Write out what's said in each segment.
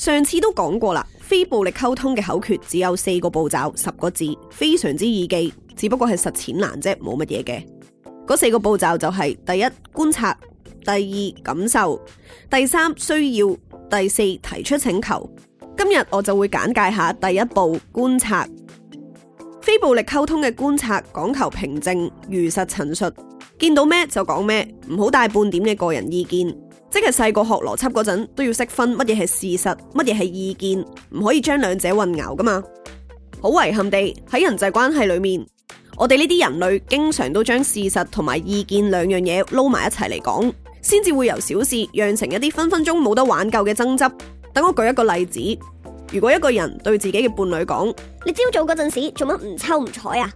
上次都講過啦，非暴力溝通嘅口訣只有四個步驟，十個字，非常之易記。只不過係實踐難啫，冇乜嘢嘅。嗰四個步驟就係、是、第一觀察，第二感受，第三需要，第四提出請求。今日我就會簡介下第一步觀察。非暴力溝通嘅觀察，講求平靜、如實陳述，見到咩就講咩，唔好帶半點嘅個人意見。即係細個學邏輯嗰陣都要識分，乜嘢係事實，乜嘢係意見，唔可以將兩者混淆噶嘛。好遺憾地喺人際關係裏面，我哋呢啲人類經常都將事實同埋意見兩樣嘢撈埋一齊嚟講，先至會由小事釀成一啲分分鐘冇得挽救嘅爭執。等我舉一個例子，如果一個人對自己嘅伴侶講：你朝早嗰陣時做乜唔瞅唔睬啊？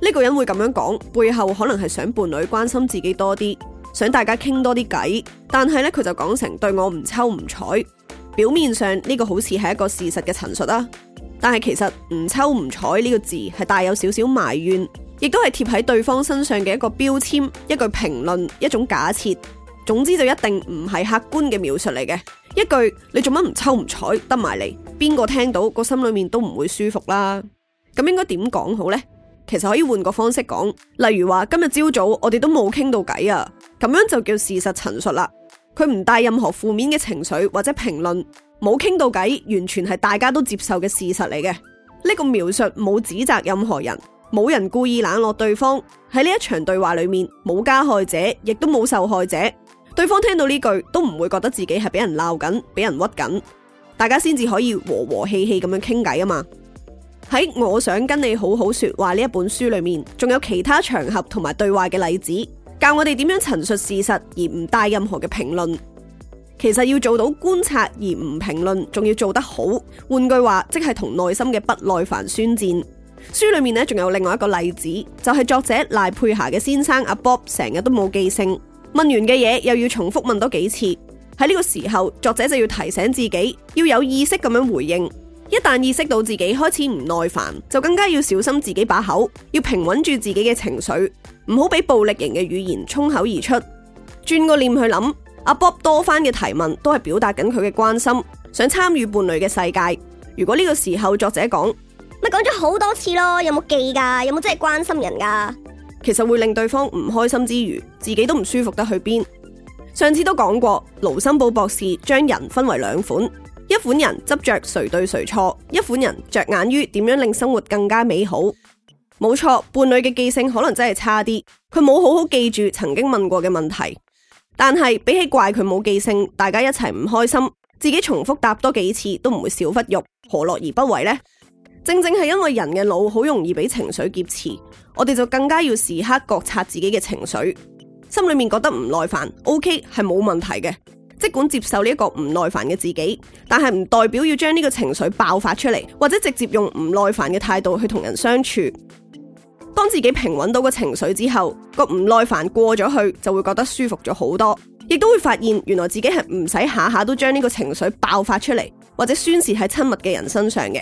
呢個人會咁樣講，背後可能係想伴侶關心自己多啲。想大家傾多啲偈，但係呢佢就講成對我唔抽唔睬。表面上呢個好似係一個事實嘅陳述啊，但係其實唔抽唔睬呢個字係帶有少少埋怨，亦都係貼喺對方身上嘅一個標籤、一句評論、一種假設，總之就一定唔係客觀嘅描述嚟嘅。一句你做乜唔抽唔睬，得埋嚟，邊個聽到個心裏面都唔會舒服啦。咁應該點講好呢？其實可以換個方式講，例如話今日朝早我哋都冇傾到偈啊。咁樣就叫事實陳述啦，佢唔帶任何負面嘅情緒或者評論，冇傾到偈，完全係大家都接受嘅事實嚟嘅。呢個描述冇指責任何人，冇人故意冷落對方。喺呢一場對話裏面，冇加害者，亦都冇受害者。對方聽到呢句都唔會覺得自己係俾人鬧緊，俾人屈緊。大家先至可以和和氣氣咁樣傾偈啊嘛。喺《我想跟你好好說話》呢一本書裏面，仲有其他場合同埋對話嘅例子。教我哋點樣陳述事實而唔帶任何嘅評論，其實要做到觀察而唔評論，仲要做得好。換句話，即係同內心嘅不耐煩宣戰。書裏面咧，仲有另外一個例子，就係作者賴佩霞嘅先生阿 Bob，成日都冇記性，問完嘅嘢又要重複問多幾次。喺呢個時候，作者就要提醒自己要有意識咁樣回應。一旦意識到自己開始唔耐煩，就更加要小心自己把口，要平穩住自己嘅情緒，唔好俾暴力型嘅語言衝口而出。轉個念去諗，阿 Bob 多番嘅提問都係表達緊佢嘅關心，想參與伴侶嘅世界。如果呢個時候作者講，咪講咗好多次咯，有冇記㗎？有冇真係關心人㗎？其實會令對方唔開心之餘，自己都唔舒服得去邊。上次都講過，盧森堡博士將人分為兩款。一款人執着誰對誰錯，一款人着眼於點樣令生活更加美好。冇錯，伴侶嘅記性可能真係差啲，佢冇好好記住曾經問過嘅問題。但係比起怪佢冇記性，大家一齊唔開心，自己重複答多幾次都唔會少嚿肉，何樂而不為呢？正正係因為人嘅腦好容易俾情緒劫持，我哋就更加要時刻覺察自己嘅情緒，心裏面覺得唔耐煩，OK 係冇問題嘅。即管接受呢一個唔耐煩嘅自己，但係唔代表要將呢個情緒爆發出嚟，或者直接用唔耐煩嘅態度去同人相處。當自己平穩到個情緒之後，個唔耐煩過咗去，就會覺得舒服咗好多，亦都會發現原來自己係唔使下下都將呢個情緒爆發出嚟，或者宣洩喺親密嘅人身上嘅。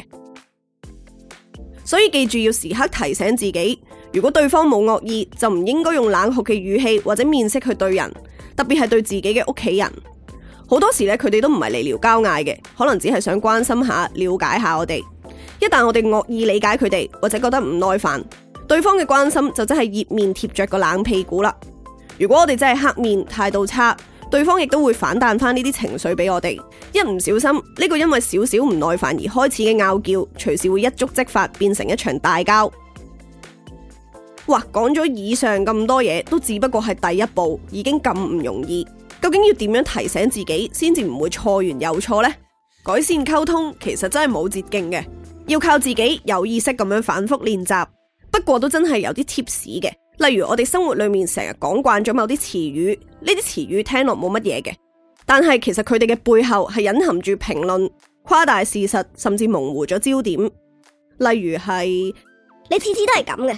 所以記住要時刻提醒自己，如果對方冇惡意，就唔應該用冷酷嘅語氣或者面色去對人，特別係對自己嘅屋企人。好多時咧，佢哋都唔係嚟聊交嗌嘅，可能只係想關心下、了解下我哋。一旦我哋惡意理解佢哋，或者覺得唔耐煩，對方嘅關心就真係熱面貼着個冷屁股啦。如果我哋真係黑面、態度差，對方亦都會反彈翻呢啲情緒俾我哋。一唔小心，呢、這個因為少少唔耐煩而開始嘅拗撬，隨時會一觸即發，變成一場大交。哇！講咗以上咁多嘢，都只不過係第一步，已經咁唔容易。究竟要點樣提醒自己先至唔會錯完又錯呢？改善溝通其實真係冇捷徑嘅，要靠自己有意識咁樣反覆練習。不過都真係有啲貼士嘅，例如我哋生活裏面成日講慣咗某啲詞語，呢啲詞語聽落冇乜嘢嘅，但係其實佢哋嘅背後係隱含住評論、誇大事實，甚至模糊咗焦點。例如係你次次都係咁嘅，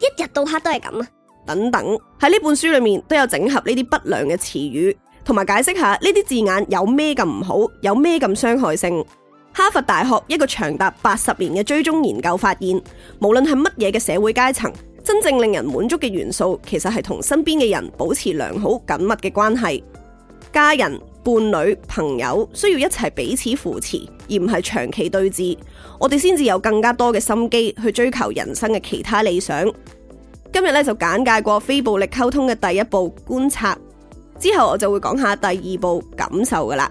一日到黑都係咁啊！等等，喺呢本書裏面都有整合呢啲不良嘅詞語。同埋解釋下呢啲字眼有咩咁唔好，有咩咁傷害性？哈佛大學一個長達八十年嘅追蹤研究發現，無論係乜嘢嘅社會階層，真正令人滿足嘅元素，其實係同身邊嘅人保持良好緊密嘅關係。家人、伴侶、朋友需要一齊彼此扶持，而唔係長期對峙。我哋先至有更加多嘅心機去追求人生嘅其他理想。今日咧就簡介過非暴力溝通嘅第一步觀察。之後我就會講下第二步：感受嘎啦。